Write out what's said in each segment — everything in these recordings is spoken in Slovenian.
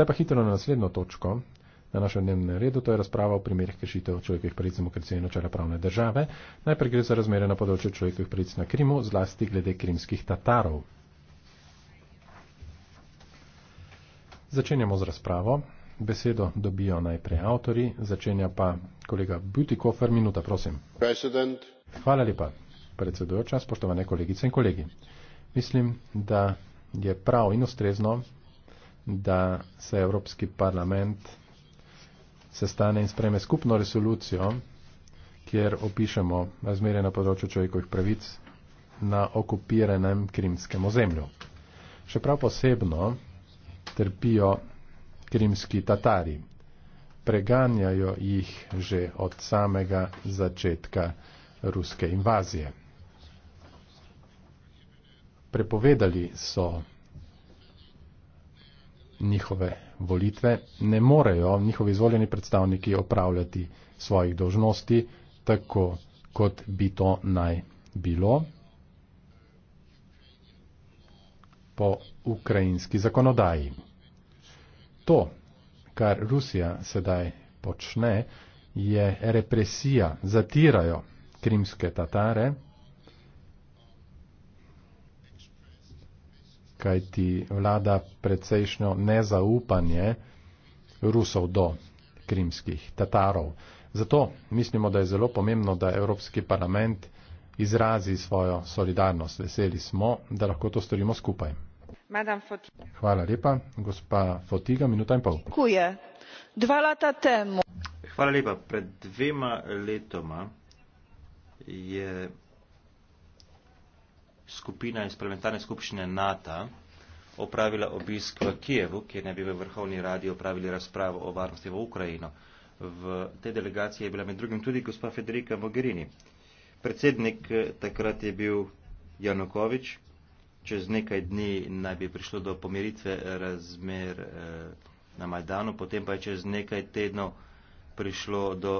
Zdaj pa hitro na naslednjo točko na našem dnevnem redu, to je razprava o primerih kršitev človekovih pravic in demokracije in načela pravne države. Najprej gre za razmere na področju človekovih pravic na Krimu, zlasti glede krimskih tatarov. Začenjamo z razpravo. Besedo dobijo najprej avtori, začenja pa kolega Butikofer. Minuta, prosim. President. Hvala lepa, predsedujoča, spoštovane kolegice in kolegi. Mislim, da je prav in ustrezno, da se Evropski parlament sestane in spreme skupno resolucijo, kjer opišemo razmere na področju človekovih pravic na okupiranem krimskem ozemlju. Še prav posebno trpijo krimski tatari. Preganjajo jih že od samega začetka ruske invazije. Prepovedali so njihove volitve, ne morejo njihovi izvoljeni predstavniki opravljati svojih dožnosti tako, kot bi to naj bilo po ukrajinski zakonodaji. To, kar Rusija sedaj počne, je represija. Zatirajo krimske tatare. kajti vlada precejšnjo nezaupanje Rusov do krimskih Tatarov. Zato mislimo, da je zelo pomembno, da Evropski parlament izrazi svojo solidarnost. Veseli smo, da lahko to storimo skupaj. Hvala lepa, gospa Fotiga, minuta in pol. Hvala lepa, pred dvema letoma je skupina iz parlamentarne skupščine NATO opravila obisk v Kijevu, kjer naj bi v vrhovni radi opravili razpravo o varnosti v Ukrajino. V tej delegaciji je bila med drugim tudi gospa Federika Mogherini. Predsednik eh, takrat je bil Janukovič. Čez nekaj dni naj bi prišlo do pomiritve razmer eh, na Majdanu, potem pa je čez nekaj tednov prišlo do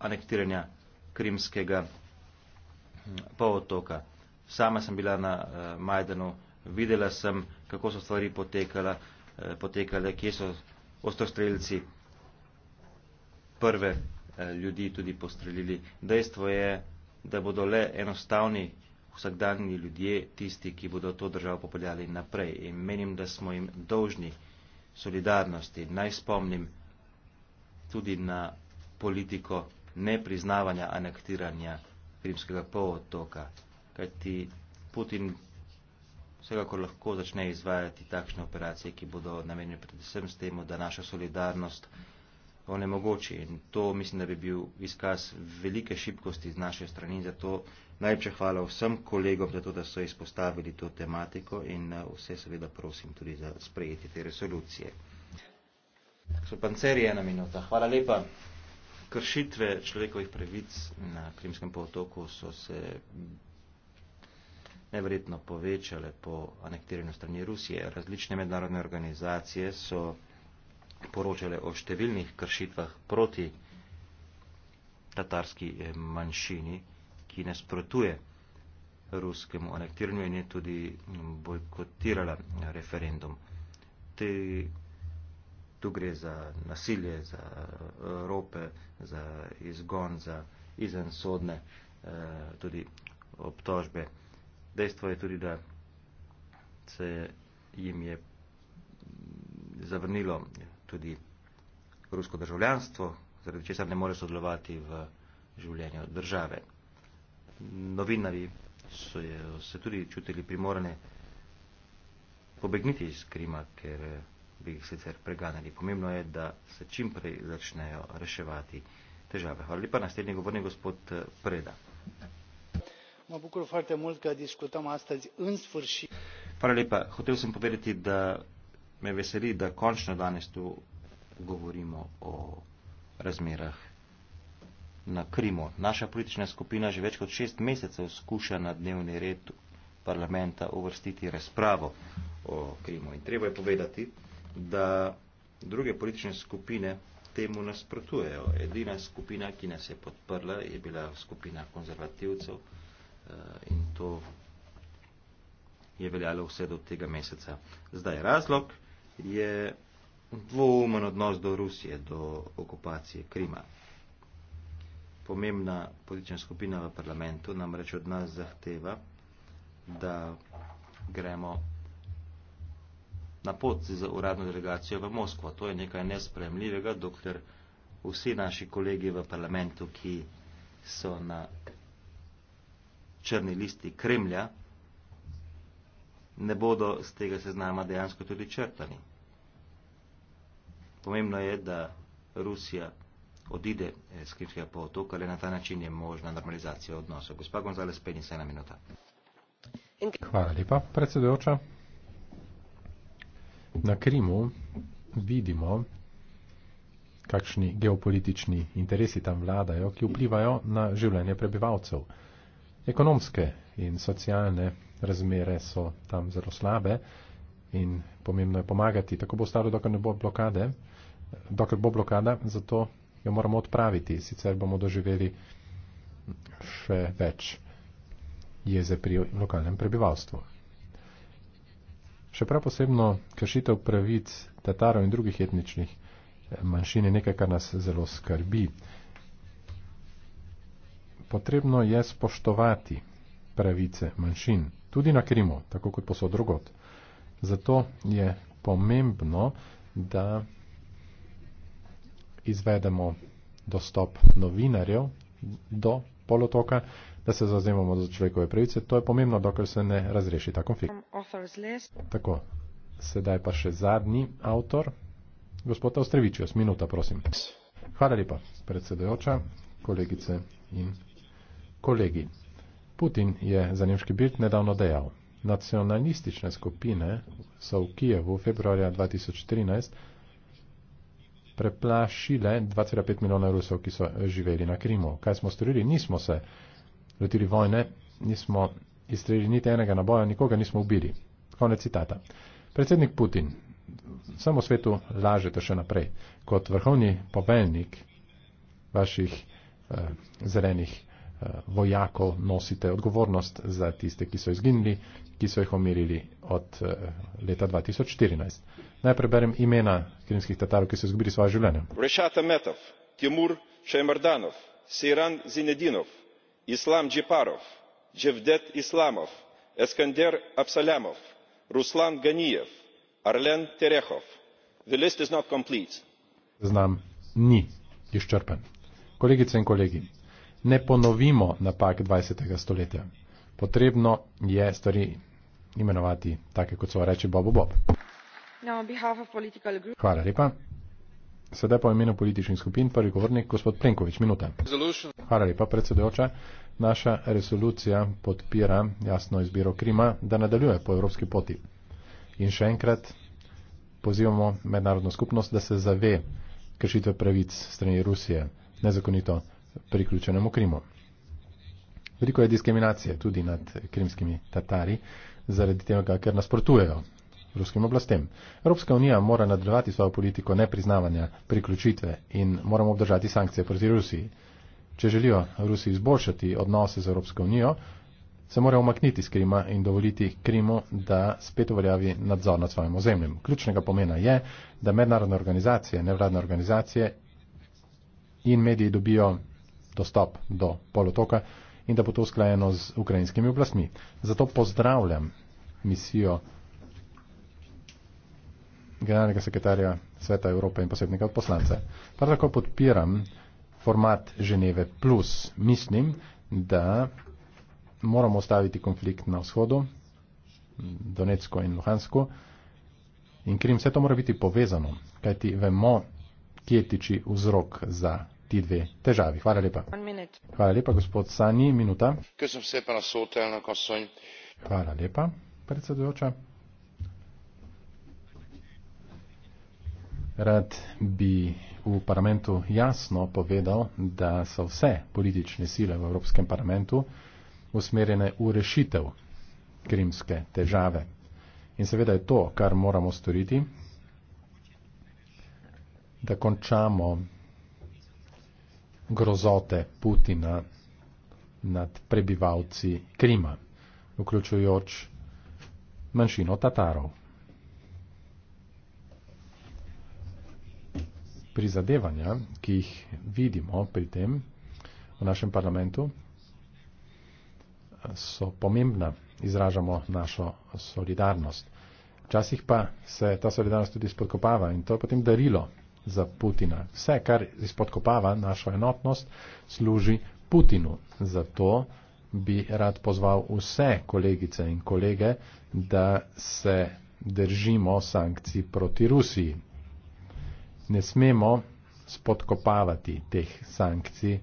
anektiranja krimskega hm, polotoka. Sama sem bila na uh, Majdanu, videla sem, kako so stvari potekala, uh, potekale, kje so ostrostreljci prve uh, ljudi tudi postrelili. Dejstvo je, da bodo le enostavni vsakdanji ljudje tisti, ki bodo to državo popeljali naprej. In menim, da smo jim dolžni solidarnosti. Naj spomnim tudi na politiko nepriznavanja anektiranja Krimskega polotoka kajti Putin vsekakor lahko začne izvajati takšne operacije, ki bodo namenjene predvsem s temu, da naša solidarnost onemogoči. In to mislim, da bi bil izkaz velike šibkosti z naše strani. Zato najlepša hvala vsem kolegom za to, da so izpostavili to tematiko in eh, vse seveda prosim tudi za sprejeti te resolucije. Supanceri, ena minuta. Hvala lepa. Kršitve človekovih pravic na Krimskem polotoku so se nevredno povečale po anektiranju strani Rusije. Različne mednarodne organizacije so poročale o številnih kršitvah proti tatarski eh, manjšini, ki nasprotuje ruskemu anektiranju in je tudi mm, bojkotirala eh, referendum. Te, tu gre za nasilje, za eh, rope, za izgon, za izensodne tudi obtožbe dejstvo je tudi, da se jim je zavrnilo tudi rusko državljanstvo, zaradi česar ne more sodelovati v življenju države. Novinari so se tudi čutili primorane pobegniti iz Krima, ker bi jih sicer preganjali. Pomembno je, da se čim prej začnejo reševati težave. Hvala lepa, naslednji govorni gospod Preda. Thank you. Mă bucur foarte mult că discutăm astăzi în sfârșit. Fără lipă, hotel să-mi povedeți de me veseli de conșnă danes tu govorim o razmerah na Krimu. Naša politična skupina že več kot šest mesecev skuša na dnevni red parlamenta uvrstiti razpravo o Krimu. In treba je povedati, da druge politične skupine temu nasprotujejo. Edina skupina, ki nas je podprla, je bila skupina konzervativcev, Eh, in to je veljalo vse do tega meseca. Zdaj razlog je dvoumen odnos do Rusije, do okupacije Krima. Pomembna politična skupina v parlamentu namreč od nas zahteva, da gremo na pot za uradno delegacijo v Moskvo. To je nekaj nespremljivega, dokler vsi naši kolegi v parlamentu, ki so na črni listi Kremlja, ne bodo z tega seznama dejansko tudi črtani. Pomembno je, da Rusija odide z Krimskega polotoka, le na ta način je možna normalizacija odnosov. Gospa Gonzales, 51 minuta. Hvala lepa, predsedujoča. Na Krimu vidimo, kakšni geopolitični interesi tam vladajo, ki vplivajo na življenje prebivalcev ekonomske in socialne razmere so tam zelo slabe in pomembno je pomagati. Tako bo ostalo, dokler, ne bo blokade, dokler bo blokada, zato jo moramo odpraviti, sicer bomo doživeli še več jeze pri lokalnem prebivalstvu. Še prav posebno kršitev pravic tatarov in drugih etničnih manjšin je nekaj, kar nas zelo skrbi potrebno je spoštovati pravice manjšin, tudi na Krimu, tako kot posod drugot. Zato je pomembno, da izvedemo dostop novinarjev do polotoka, da se zazemamo za človekove pravice. To je pomembno, dokler se ne razreši ta konflikt. Tako, sedaj pa še zadnji avtor, gospod Ostrevičius, minuta prosim. Hvala lepa, predsedojoča, kolegice in kolegi. Putin je za nemški birt nedavno dejal. Nacionalistične skupine so v Kijevu februarja 2013 preplašile 2,5 milijona rusov, ki so živeli na Krimu. Kaj smo storili? Nismo se lotili vojne, nismo izstrelili niti enega naboja, nikoga nismo ubili. Konec citata. Predsednik Putin, samo svetu lažete še naprej. Kot vrhovni poveljnik vaših eh, zelenih Eh, vojakov nosite odgovornost za tiste, ki so izginili, ki so jih omirili od eh, leta 2014. Naj preberem imena krimskih tatarov, ki so izgubili svoje življenje. Rešat Ametov, Timur Šajmardanov, Seiran Zinedinov, Islam Džiparov, Dževdet Islamov, Eskander Absalamov, Ruslan Ganijev, Arlen Terehov. The list is not complete. Znam, ni izčrpen. Kolegice in kolegi, ne ponovimo napak 20. stoletja. Potrebno je stvari imenovati take, kot so reči Bobo Bob. Hvala lepa. Sedaj pa v imenu političnih skupin prvi govornik, gospod Plenković, minuta. Hvala lepa, predsedujoča. Naša resolucija podpira jasno izbiro Krima, da nadaljuje po evropski poti. In še enkrat pozivamo mednarodno skupnost, da se zave kršitve pravic strani Rusije, nezakonito priključenemu Krimu. Veliko je diskriminacije tudi nad krimskimi tatari zaradi tega, ker nasprotujejo ruskim oblastem. Evropska unija mora nadaljevati svojo politiko nepriznavanja priključitve in moramo obdržati sankcije proti Rusiji. Če želijo Rusi izboljšati odnose z Evropsko unijo, se mora omakniti z Krima in dovoliti Krimu, da spet uveljavi nadzor nad svojim ozemljem. Ključnega pomena je, da mednarodne organizacije, nevladne organizacije in mediji dobijo dostop do polotoka in da bo to usklajeno z ukrajinskimi oblastmi. Zato pozdravljam misijo generalnega sekretarja Sveta Evrope in posebnega odposlance. Prav tako podpiram format Ženeve plus. Mislim, da moramo ostaviti konflikt na vzhodu, Donetsko in Luhansko in Krim. Vse to mora biti povezano, kajti vemo, kje tiči vzrok za ti dve težavi. Hvala lepa. Hvala lepa, gospod Sani, minuta. Hvala lepa, predsedujoča. Rad bi v parlamentu jasno povedal, da so vse politične sile v Evropskem parlamentu usmerjene v rešitev krimske težave. In seveda je to, kar moramo storiti, da končamo grozote Putina nad prebivalci Krima, vključujoč manjšino Tatarov. Prizadevanja, ki jih vidimo pri tem v našem parlamentu, so pomembna, izražamo našo solidarnost. Včasih pa se ta solidarnost tudi spodkopava in to je potem darilo za Putina. Vse, kar izpodkopava našo enotnost, služi Putinu. Zato bi rad pozval vse kolegice in kolege, da se držimo sankcij proti Rusiji. Ne smemo spodkopavati teh sankcij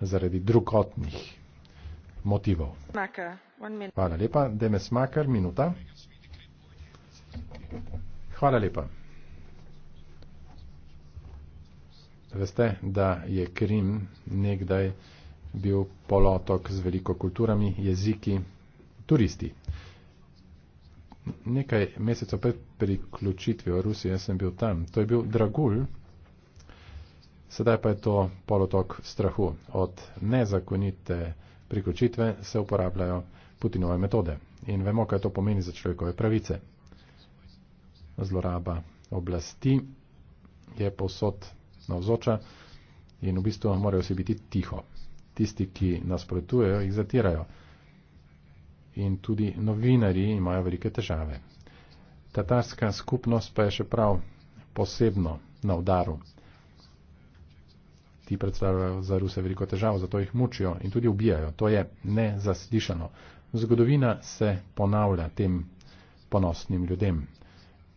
zaradi drugotnih motivov. Hvala lepa. Deme smakar, minuta. Hvala lepa. veste, da je Krim nekdaj bil polotok z veliko kulturami, jeziki, turisti. Nekaj mesecev pred priključitvijo Rusije sem bil tam. To je bil Dragul, sedaj pa je to polotok strahu. Od nezakonite priključitve se uporabljajo Putinove metode. In vemo, kaj to pomeni za človekove pravice. Zloraba oblasti je posod navzoča in v bistvu morajo vsi biti tiho. Tisti, ki nasprotujejo, jih zatirajo. In tudi novinari imajo velike težave. Tatarska skupnost pa je še prav posebno na udaru. Ti predstavljajo za Ruse veliko težavo, zato jih mučijo in tudi ubijajo. To je nezaslišano. Zgodovina se ponavlja tem ponosnim ljudem.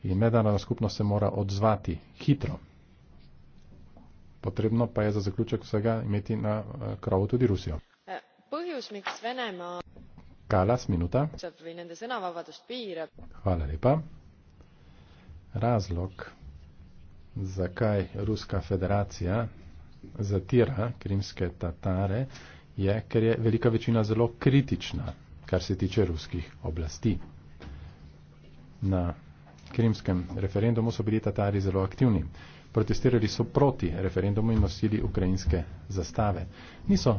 In mednarodna skupnost se mora odzvati hitro potrebno pa je za zaključek vsega imeti na eh, krovu tudi Rusijo. Eh, Kalas, minuta. Hvala lepa. Razlog, zakaj Ruska federacija zatira krimske tatare, je, ker je velika večina zelo kritična, kar se tiče ruskih oblasti. Na krimskem referendumu so bili tatari zelo aktivni. Protestirali so proti referendumu in nosili ukrajinske zastave. Niso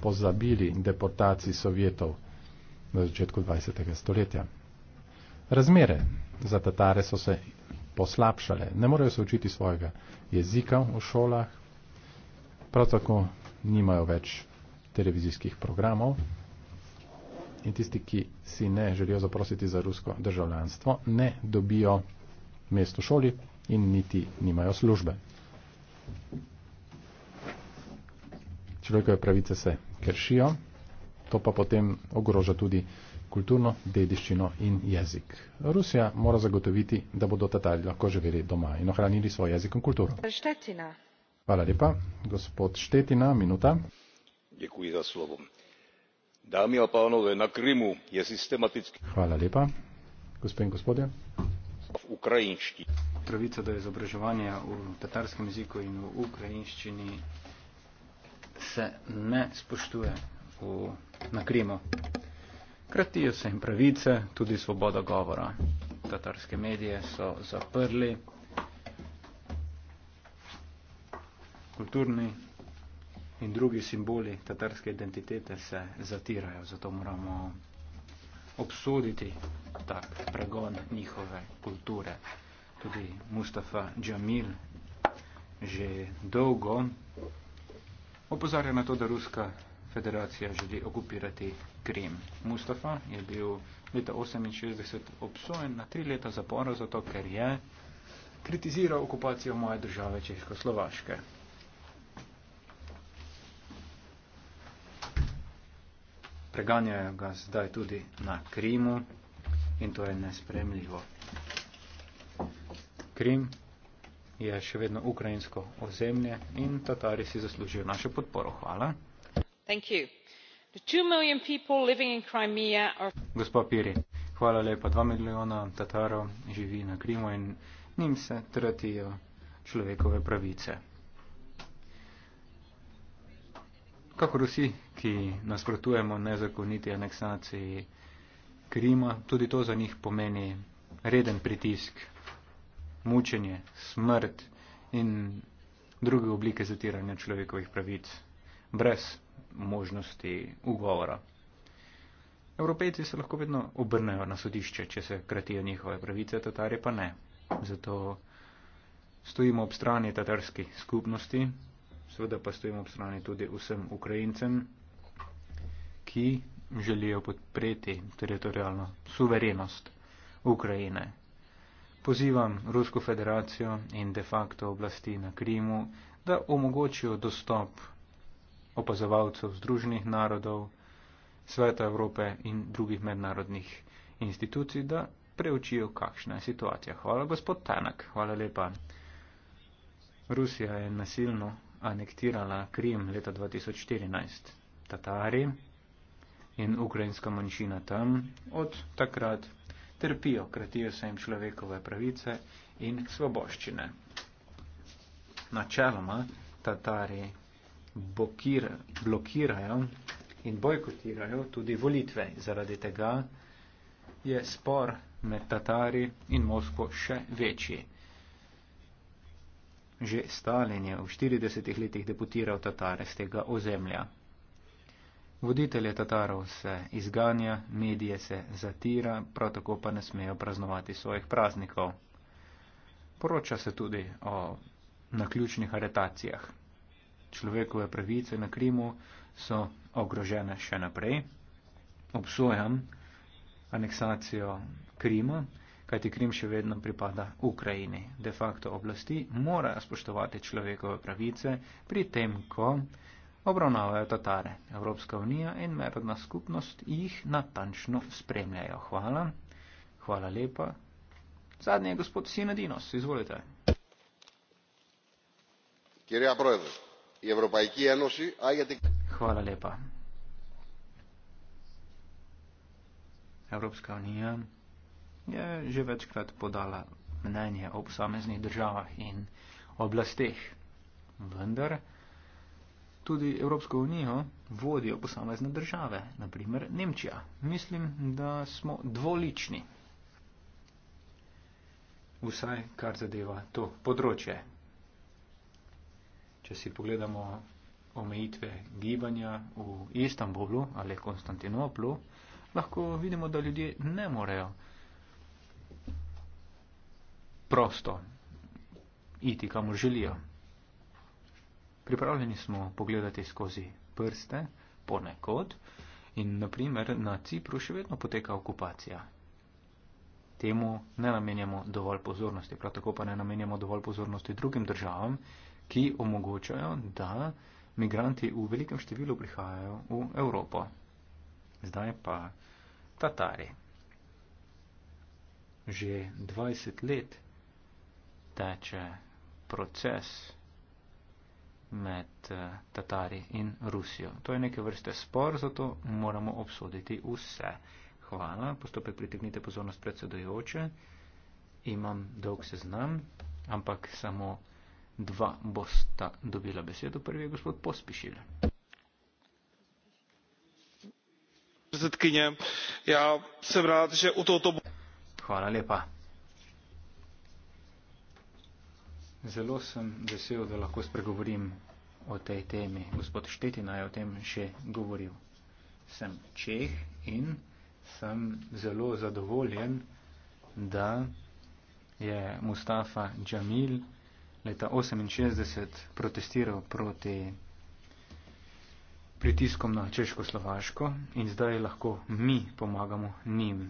pozabili deportacij sovjetov na začetku 20. stoletja. Razmere za Tatare so se poslabšale. Ne morejo se učiti svojega jezika v šolah, prav tako nimajo več televizijskih programov in tisti, ki si ne želijo zaprositi za rusko državljanstvo, ne dobijo mesto v šoli, in niti nimajo službe. Človekove pravice se kršijo, to pa potem ogroža tudi kulturno dediščino in jezik. Rusija mora zagotoviti, da bodo Tatari lahko živeli doma in ohranili svoj jezik in kulturo. Štetina. Hvala lepa. Gospod Štetina, minuta. Děkuji za slovo. Dámy a pánové, na Krymu je systematicky... Hvala lepa. Gospod in gospodje. V ukrajinštini pravico do izobraževanja v tatarskem jeziku in v ukrajinščini se ne spoštuje v, na Krimu. Kratijo se jim pravice, tudi svoboda govora. Tatarske medije so zaprli. Kulturni in drugi simboli tatarske identitete se zatirajo, zato moramo obsoditi tak pregon njihove kulture tudi Mustafa Džamil že dolgo opozarja na to, da Ruska federacija želi okupirati Krim. Mustafa je bil leta 1968 obsojen na tri leta zapora zato, ker je kritiziral okupacijo moje države Češko-Slovaške. Preganjajo ga zdaj tudi na Krimu in to je nespremljivo. Krim je še vedno ukrajinsko ozemlje in Tatari si zaslužijo našo podporo. Hvala. Gospa Piri, hvala lepa. Dva milijona Tatarov živi na Krimu in njim se tretijo človekove pravice. Kako vsi, ki nasprotujemo nezakoniti aneksaciji Krima, tudi to za njih pomeni reden pritisk mučenje, smrt in druge oblike zatiranja človekovih pravic, brez možnosti ugovora. Evropejci se lahko vedno obrnejo na sodišče, če se kratijo njihove pravice, Tatari pa ne. Zato stojimo ob strani tatarski skupnosti, seveda pa stojimo ob strani tudi vsem Ukrajincem, ki želijo podpreti teritorijalno suverenost Ukrajine pozivam Rusko federacijo in de facto oblasti na Krimu, da omogočijo dostop opazovalcev Združenih narodov, Sveta Evrope in drugih mednarodnih institucij, da preučijo, kakšna je situacija. Hvala, gospod Tanak, hvala lepa. Rusija je nasilno anektirala Krim leta 2014. Tatari in ukrajinska manjšina tam od takrat trpijo, kratijo se jim človekove pravice in svoboščine. Načeloma Tatari bokir, blokirajo in bojkotirajo tudi volitve. Zaradi tega je spor med Tatari in Moskvo še večji. Že Stalin je v 40 letih deputiral Tatare z tega ozemlja. Voditelje Tatarov se izganja, medije se zatira, prav tako pa ne smejo praznovati svojih praznikov. Poroča se tudi o naključnih aretacijah. Človekove pravice na Krimu so ogrožene še naprej. Obsojam aneksacijo Krima, kajti Krim še vedno pripada Ukrajini. De facto oblasti morajo spoštovati človekove pravice pri tem, ko obravnavajo Tatare. Evropska unija in mednarodna skupnost jih natančno spremljajo. Hvala. Hvala lepa. Zadnji je gospod Sinadinos. Izvolite. Hvala lepa. Evropska unija je že večkrat podala mnenje o posameznih državah in oblasteh. Vendar tudi Evropsko unijo vodijo posamezne države, naprimer Nemčija. Mislim, da smo dvolični, vsaj kar zadeva to področje. Če si pogledamo omejitve gibanja v Istanbulu ali Konstantinoplu, lahko vidimo, da ljudje ne morejo prosto iti, kamor želijo. Pripravljeni smo pogledati skozi prste, ponekod, in naprimer na Cipru še vedno poteka okupacija. Temu ne namenjamo dovolj pozornosti, prav tako pa ne namenjamo dovolj pozornosti drugim državam, ki omogočajo, da migranti v velikem številu prihajajo v Evropo. Zdaj pa Tatari. Že 20 let teče proces med eh, Tatari in Rusijo. To je neke vrste spor, zato moramo obsoditi vse. Hvala. Postopek pritegnite pozornost predsedojoče. Imam dolg seznam, ampak samo dva bosta dobila besedo. Prvi je gospod Pospišil. Ja, sem rad, že v to to bo. Hvala lepa. Zelo sem vesel, da lahko spregovorim o tej temi. Gospod Štetina je o tem še govoril. Sem Čeh in sem zelo zadovoljen, da je Mustafa Džamil leta 68 protestiral proti pritiskom na Češko-Slovaško in zdaj lahko mi pomagamo njim.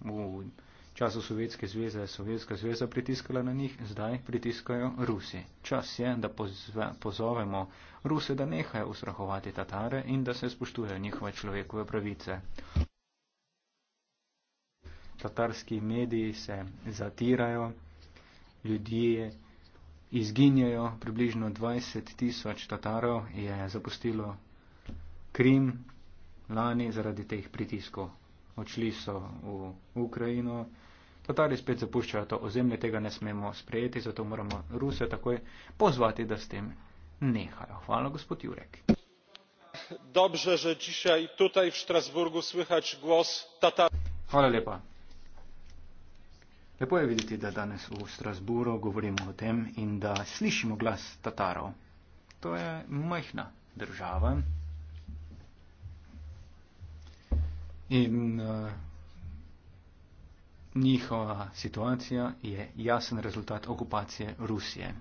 V času Sovjetske zveze je Sovjetska zveza pritiskala na njih, zdaj pritiskajo Rusi. Čas je, da pozve, pozovemo Ruse, da nehajo ustrahovati Tatare in da se spoštujejo njihove človekove pravice. Tatarski mediji se zatirajo, ljudje izginjajo, približno 20 tisoč Tatarov je zapustilo Krim lani zaradi teh pritiskov. Odšli so v Ukrajino. Tatari spet zapuščajo to ozemlje, tega ne smemo sprejeti, zato moramo Ruse takoj pozvati, da s tem nehajo. Hvala, gospod Jurek. Dobro, že dišaj tukaj v Štrasburgu slišati glas Tatar. Hvala lepa. Lepo je videti, da danes v Strasburu govorimo o tem in da slišimo glas Tatarov. To je majhna država. In uh, njihova situacija je jasen rezultat okupacije Rusije.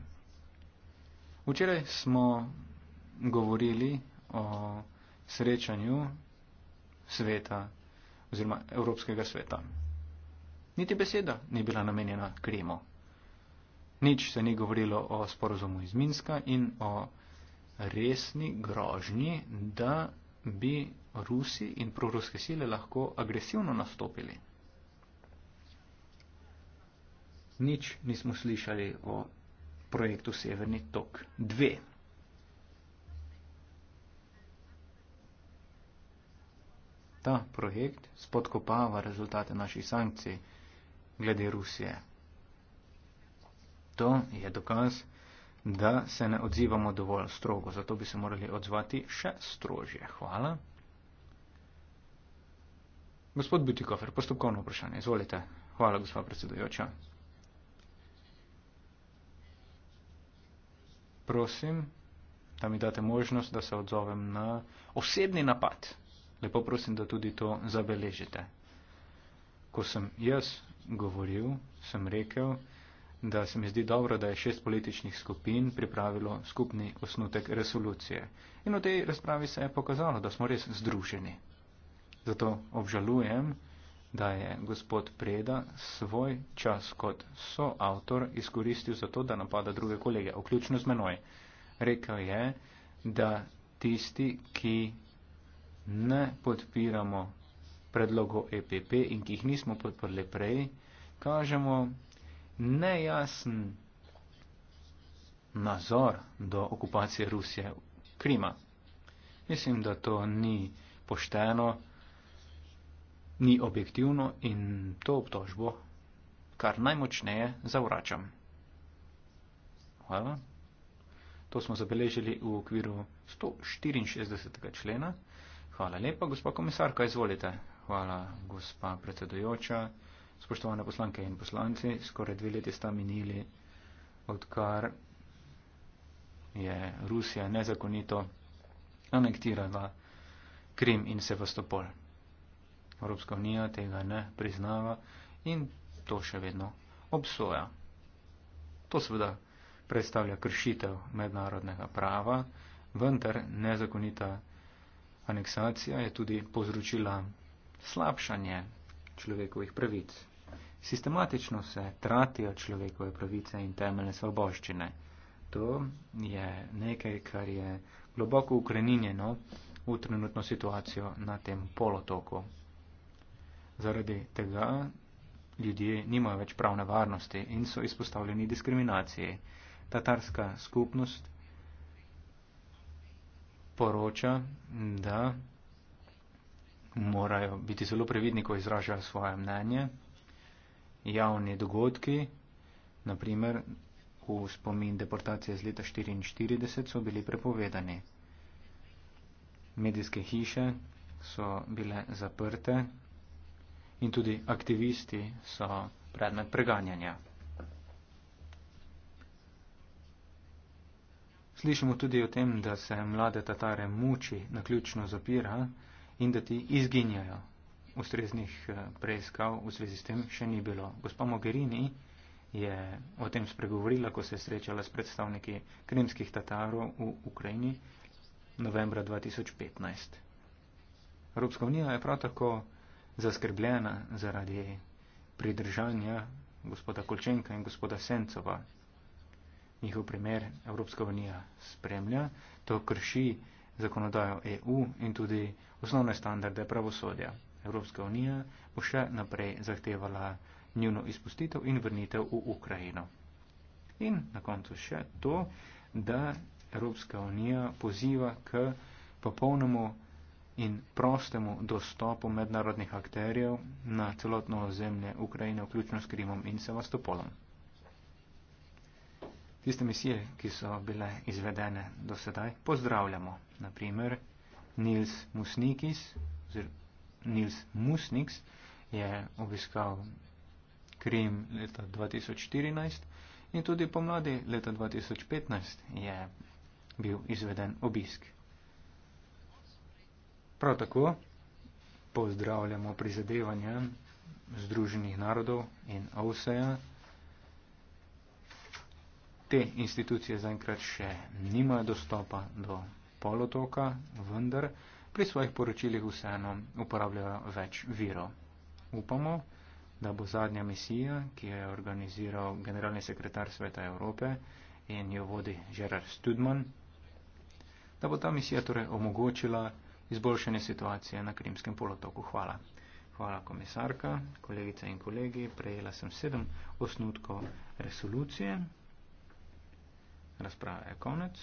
Včeraj smo govorili o srečanju sveta oziroma Evropskega sveta. Niti beseda ni bila namenjena Krimu. Nič se ni govorilo o sporozumu iz Minska in o resni grožnji, da bi Rusi in proruske sile lahko agresivno nastopili nič nismo slišali o projektu Severni tok 2. Ta projekt spodkopava rezultate naših sankcij glede Rusije. To je dokaz, da se ne odzivamo dovolj strogo, zato bi se morali odzvati še strožje. Hvala. Gospod Butikofer, postopkovno vprašanje. Izvolite. Hvala, gospod predsedujoča. prosim, da mi date možnost, da se odzovem na osebni napad. Lepo prosim, da tudi to zabeležite. Ko sem jaz govoril, sem rekel, da se mi zdi dobro, da je šest političnih skupin pripravilo skupni osnutek resolucije. In v tej razpravi se je pokazalo, da smo res združeni. Zato obžalujem, daje gospod Preda svoj čas kot soavtor izkoristil za to, da napada druge kolege, vključno z menoj. Rekel je, da tisti, ki ne podpiramo predlogo EPP in ki jih nismo podprli prej, kažemo nejasen nazor do okupacije Rusije Krima. Mislim, da to ni pošteno ni objektivno in to obtožbo kar najmočneje zavračam. Hvala. To smo zabeležili v okviru 164. člena. Hvala lepa, gospod komisarka, izvolite. Hvala, gospa predsedujoča, spoštovane poslanke in poslanci. Skoraj dve leti sta minili, odkar je Rusija nezakonito anektirala Krim in Sevastopol. Evropska unija tega ne priznava in to še vedno obsoja. To seveda predstavlja kršitev mednarodnega prava, vendar nezakonita aneksacija je tudi povzročila slabšanje človekovih pravic. Sistematično se tratijo človekove pravice in temeljne svoboščine. To je nekaj, kar je globoko ukreninjeno v trenutno situacijo na tem polotoku. Zaradi tega ljudje nimajo več pravne varnosti in so izpostavljeni diskriminaciji. Tatarska skupnost poroča, da morajo biti zelo previdni, ko izražajo svoje mnenje. Javni dogodki, naprimer v spomin deportacije iz leta 1944, so bili prepovedani. Medijske hiše so bile zaprte, in tudi aktivisti so predmet preganjanja. Slišimo tudi o tem, da se mlade tatare muči, naključno zapira in da ti izginjajo. Ustreznih eh, preiskav v zvezi s tem še ni bilo. Gospa Mogherini je o tem spregovorila, ko se je srečala s predstavniki krimskih tatarov v Ukrajini novembra 2015. Evropska unija je prav tako zaskrbljena zaradi pridržanja gospoda Kolčenka in gospoda Sencova. Njihov primer Evropska unija spremlja, to krši zakonodajo EU in tudi osnovne standarde pravosodja. Evropska unija bo še naprej zahtevala njuno izpustitev in vrnitev v Ukrajino. In na koncu še to, da Evropska unija poziva k popolnemu in prostemu dostopu mednarodnih akterjev na celotno zemlje Ukrajine, vključno s Krimom in Sevastopolom. Tiste misije, ki so bile izvedene do sedaj, pozdravljamo. Naprimer, Nils Musnikis, zr, Nils Musniks je obiskal Krim leta 2014 in tudi pomladi leta 2015 je bil izveden obisk Prav tako pozdravljamo prizadevanja Združenih narodov in OSEA. Te institucije zaenkrat še nimajo dostopa do polotoka, vendar pri svojih poročilih vseeno uporabljajo več virov. Upamo, da bo zadnja misija, ki jo je organiziral generalni sekretar Sveta Evrope in jo vodi Gerard Studman, da bo ta misija torej omogočila, izboljšanje situacije na Krimskem polotoku. Hvala. Hvala komisarka, kolegice in kolegi. Prejela sem sedem osnutkov resolucije. Razprava je konec.